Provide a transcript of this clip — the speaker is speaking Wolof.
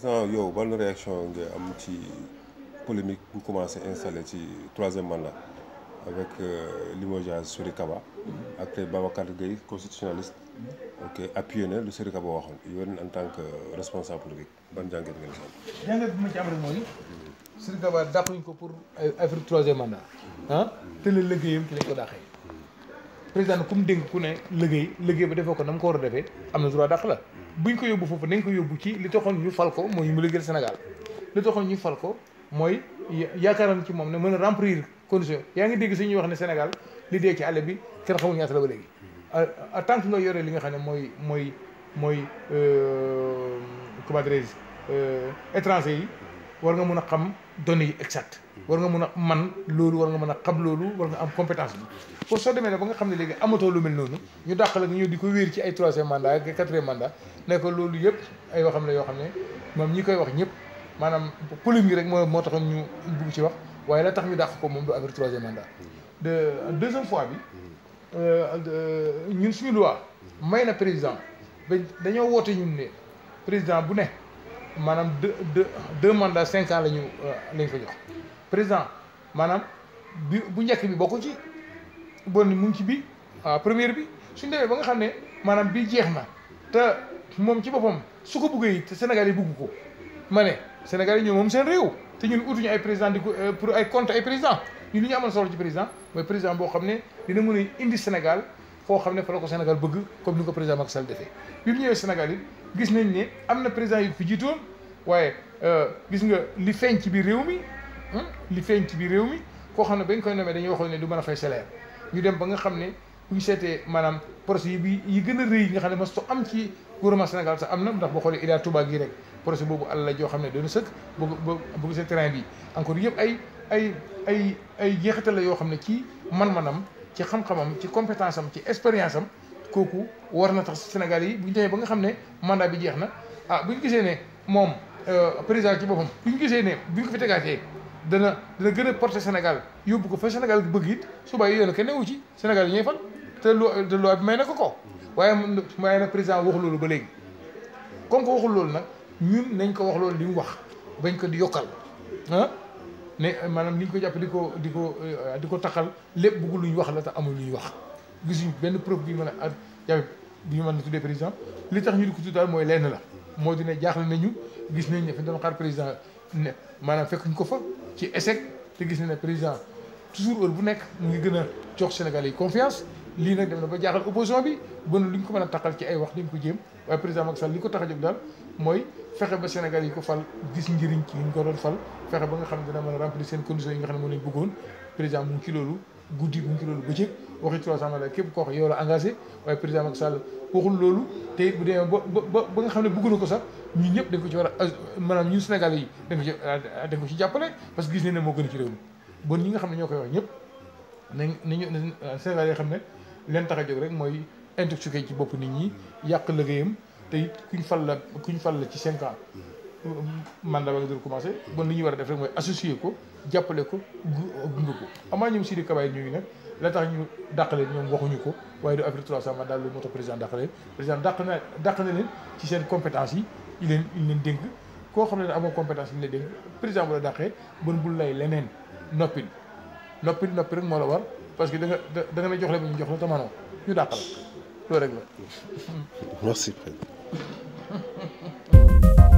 président yo, bonne réaction de am ci polémique bu commencé installer ci troisième mandat avec euh, limogeage Souri Kaba ak Babacar Gueye constitutionnaliste ok appuyé na lu Souri Kaba en tant que responsable politique ban jàngat ngeen si am. jàngat bi ma ci am rek mooy. Souri Kaba dàquñ ko pour affaire troisième mandat. hein, te la liggéeyam ci lañ ko dàqee. président ku mu dénk ku ne liggéey liggéey ba defoo ko na mu ko war a defee am na droit dàq la. buñ ko yóbbu foofu nañ ko yóbbu ci li taxoon ñu fal ko mooy mu liggéeyal Sénégal li taxoon ñu fal ko mooy yaakaaram ci moom ne mën a remplir condition yaa ngi dégg ñuy wax ne Sénégal li dee ci àll bi kenn xamul ñaata a ba léegi euh, en tant yore li nga xam ne mooy mooy mooy euh, comment dirais-je euh, étranger yi war nga mëna xam données yi exact war nga mëna man lolu war nga mëna xam lolu war nga am compétence bi pour so demee ba nga xam ne léegi amatoo lu mel nonu ñu dàq la ñu diko wër ci ay 3e mandat 4e mandat né ko lolu yépp ay waxam la yo xam ne moom ñi koy wax ñëpp manam maanaam polémique rek mo mo taxam ñu bugg ci wax waye la tax ñu dakk ko moom du 3e mandat de deuxième fois bi euh ñun suñu loi mayna président ba dañoo woote ñun né président bu né maanaam de de deux mandats cinq ans la ñu euh, lañ fa jox président maanaam bi bu njëkk bi bokk ci bon mu ngi ci bi waaw ah, première bi suñu demee ba nga xam ne maanaam bii jeex na te moom ci boppam su ko buggee te Sénégal yi bugg ko ma ne Sénégal yi ñoo moom seen réew te ñu ñun utuñu ay président di ko euh, pour ay compte ay président ñun li ñu amoon solo ci président mooy président boo xam ne dina mën a indi Sénégal foo xam ne fa la ko Sénégal bëgg comme ni ko président Macky Sall defee bi mu ñëwee Sénégal gis nañ ne am na président yu fi jiitoon waaye euh, gis nga li feeñ ci biir réew mi hmm, li feeñ ci biir réew mi koo xam ne bañ koy nomee dañuy waxoon ne du mën a fay salaire ñu dem ba nga xam ne bu ñu seetee maanaam projet yi bi yi gën a rëy yi nga xam ne mosut am ci gouvernement Sénégal sax am na ndax boo xoolee Ila Touba gii rek projet boobu àll la joo xam ne doona sëkk bëgg bëgg seen terrain bi encore yëpp ay ay ay ay jeexital yoo xam ne ci man-manam ci xam-xamam ci compétence am ci expérience am kooku war na tax Sénégal yi bu ñu demee ba nga xam ne mandat bi jeex na ah bu ñu gisee ne moom euh, président ci boppam bu ñu gisee ne bu ñu ko fi tegaatee dana dana gën a porter Sénégal yóbbu ko fa Sénégal bëgg it suba yi yoon kenn newu ci Sénégal yi ñuy fan te loo te loi bi may na ko ko waaye waaye nag président waxul loolu ba léegi comme ko waxul loolu nag ñun nañ ko wax loolu li wax bañ ko di yokkal ah ne maanaam ni ko jàpp diko diko diko ko lepp ko luñ wax la ta amul luñ ñu wax gisuñ benn preuve bi ñu mën a ak jafe bi ñu mën a président li tax ñu diko ko moy mooy lenn la moo dina jaxlé nañu gis nañ ne fi doon xaar président ne fekk ñu ko fa ci échec te gis nañ président toujours heure bu nek mu ngi gëna a jox Sénégalais confiance lii nag dem na ba jaaxal opposition bi bon lu ñu ko mën a taqal ci ay wax dañ ko jéem waaye président Macky Sall li ko tax a jóg daal mooy fexe ba Sénégal yi ko fal gis njëriñ ci ñu ko doon fal fexe ba nga xam ne dina mën a remplir seen conditions yi nga xam ne moom lañ bëggoon président mu ngi ci loolu guddi mu ngi ci loolu bëccëg waxi trois cent mille képp koo xam yow la engagé waaye président Macky Sall waxul loolu te it bu demee ba ba ba nga xam ne bëgg na ko sax ñun ñëpp dañ ko ci war a maanaam ñun Sénégal yi dañ ko ci dañ ko ci jàppale parce que gis nañ ne moo gën a ci réew mi bon ñi nga xam ne ñoo koy wax ñëpp nañ nañu Sénégal yi xam ne leen tax a jóg rek mooy intoxiqué ci bopp nit ñi yàq liggéeyam te it kuñ fal la kuñ fal la ci cinq ans mandat ba nga dul commencé bon li ñuy war a def rek mooy associé ko jàppale ko gunge ko amaa ñoom Sidi Kaba yi ñooñu nag la tax ñu dàqale ñoom waxuñu ko waaye du avril 300 man daal lu moo tax président dàqale président dàq na dàq na leen ci seen compétence yi il leen il leen dénk koo xam ne amoo compétence yi ñu leen dénk président bu la dàqee bon bul lay leneen noppil noppi rek moo la war parce que da ne la la merci